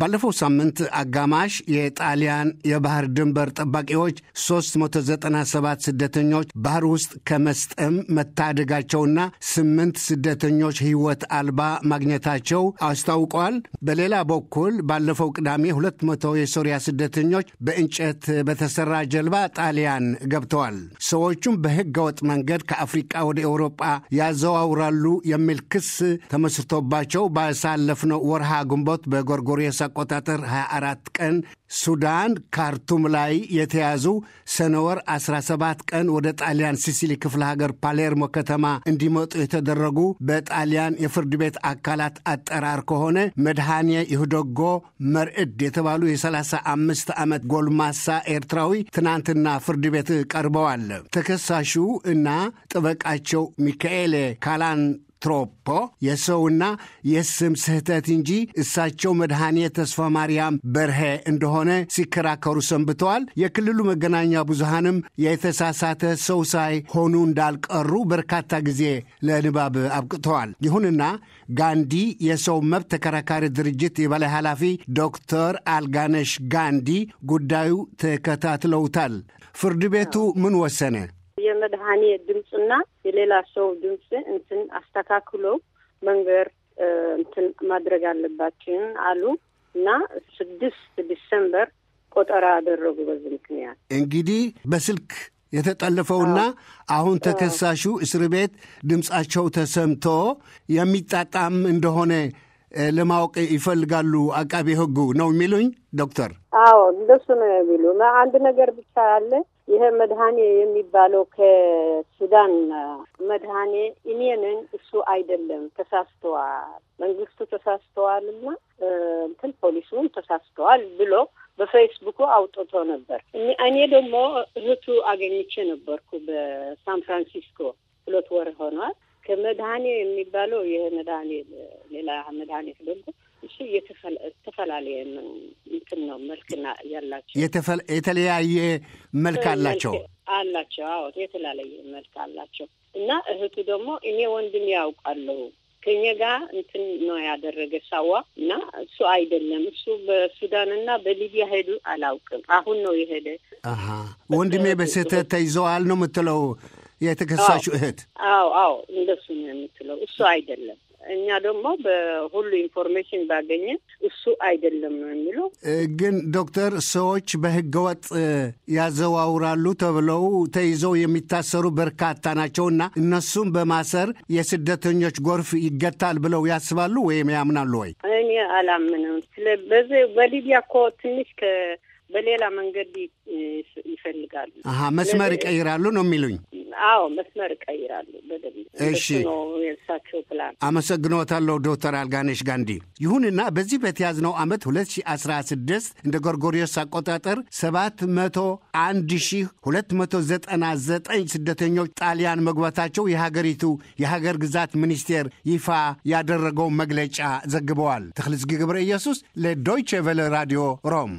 ባለፈው ሳምንት አጋማሽ የጣሊያን የባህር ድንበር ጠባቂዎች 397 ስደተኞች ባህር ውስጥ ከመስጠም መታደጋቸውና ስምንት ስደተኞች ሕይወት አልባ ማግኘታቸው አስታውቀዋል። በሌላ በኩል ባለፈው ቅዳሜ 200 የሶሪያ ስደተኞች በእንጨት በተሰራ ጀልባ ጣሊያን ገብተዋል። ሰዎቹም በህገወጥ መንገድ ከአፍሪቃ ወደ ኤውሮጳ ያዘዋውራሉ የሚል ክስ ተመስርቶባቸው ባሳለፍነው ወርሃ ግንቦት በጎርጎሬ አቆጣጠር 24 ቀን ሱዳን ካርቱም ላይ የተያዙ ሰነወር 17 ቀን ወደ ጣሊያን ሲሲሊ ክፍለ ሀገር ፓሌርሞ ከተማ እንዲመጡ የተደረጉ በጣሊያን የፍርድ ቤት አካላት አጠራር ከሆነ መድሃኔ ይህደጎ መርዕድ የተባሉ የ35 ዓመት ጎልማሳ ኤርትራዊ ትናንትና ፍርድ ቤት ቀርበዋል። ተከሳሹ እና ጠበቃቸው ሚካኤሌ ካላን ትሮፖ የሰውና የስም ስህተት እንጂ እሳቸው መድኃኔ ተስፋ ማርያም በርሄ እንደሆነ ሲከራከሩ ሰንብተዋል። የክልሉ መገናኛ ብዙሃንም የተሳሳተ ሰው ሳይሆኑ እንዳልቀሩ በርካታ ጊዜ ለንባብ አብቅተዋል። ይሁንና ጋንዲ የሰው መብት ተከራካሪ ድርጅት የበላይ ኃላፊ ዶክተር አልጋነሽ ጋንዲ ጉዳዩ ተከታትለውታል። ፍርድ ቤቱ ምን ወሰነ? መድኃኔ ድምፅና የሌላ ሰው ድምፅ እንትን አስተካክሎ መንገር እንትን ማድረግ አለባችን አሉ እና ስድስት ዲሰምበር ቆጠራ አደረጉ። በዚህ ምክንያት እንግዲህ በስልክ የተጠለፈውና አሁን ተከሳሹ እስር ቤት ድምፃቸው ተሰምቶ የሚጣጣም እንደሆነ ለማወቅ ይፈልጋሉ አቃቤ ህጉ ነው የሚሉኝ ዶክተር? አዎ እንደሱ ነው የሚሉ አንድ ነገር ብቻ አለ። ይሄ መድኃኔ የሚባለው ከሱዳን መድኃኔ እኔ ነኝ እሱ አይደለም፣ ተሳስተዋል፣ መንግስቱ ተሳስተዋል እና እንትን ፖሊሱም ተሳስተዋል ብሎ በፌስቡኩ አውጥቶ ነበር። እኔ ደግሞ እህቱ አገኝቼ ነበርኩ በሳን ፍራንሲስኮ ሁለት ወር ሆኗል። ከመድሃኔ የሚባለው ይህ መድኃኔ ሌላ መድኃኔ ደግሞ እሱ የተፈላለየ እንትን ነው መልክና ያላቸው የተለያየ መልክ አላቸው አላቸው። አዎ የተለያየ መልክ አላቸው። እና እህቱ ደግሞ እኔ ወንድም ያውቃለሁ ከኛ ጋር እንትን ነው ያደረገ ሳዋ እና እሱ አይደለም እሱ በሱዳንና በሊቢያ ሄዱ አላውቅም። አሁን ነው የሄደ። ወንድሜ በስህተት ተይዘዋል ነው የምትለው የተከሳሹ እህት። አዎ አዎ፣ እንደሱ ነው የምትለው። እሱ አይደለም እኛ ደግሞ በሁሉ ኢንፎርሜሽን ባገኘን እሱ አይደለም ነው የሚለው። ግን ዶክተር ሰዎች በህገወጥ ያዘዋውራሉ ተብለው ተይዘው የሚታሰሩ በርካታ እና እነሱም በማሰር የስደተኞች ጎርፍ ይገታል ብለው ያስባሉ ወይም ያምናሉ ወይ? እኔ አላምንም። በዚ በሊቢያ እኮ ትንሽ በሌላ መንገድ ይፈልጋሉ። አሀ መስመር ይቀይራሉ ነው የሚሉኝ አዎ መስመር እቀይራሉ በደምብ እሺ ነው የእሳቸው ፕላን አመሰግኖታለሁ ዶክተር አልጋኔሽ ጋንዲ ይሁንና በዚህ በተያዝነው ዓመት 2016 እንደ ጎርጎሪዮስ አቆጣጠር 701299 ስደተኞች ጣሊያን መግባታቸው የሀገሪቱ የሀገር ግዛት ሚኒስቴር ይፋ ያደረገው መግለጫ ዘግበዋል ተክልዝጊ ግብረ ኢየሱስ ለዶይቸ ቨለ ራዲዮ ሮም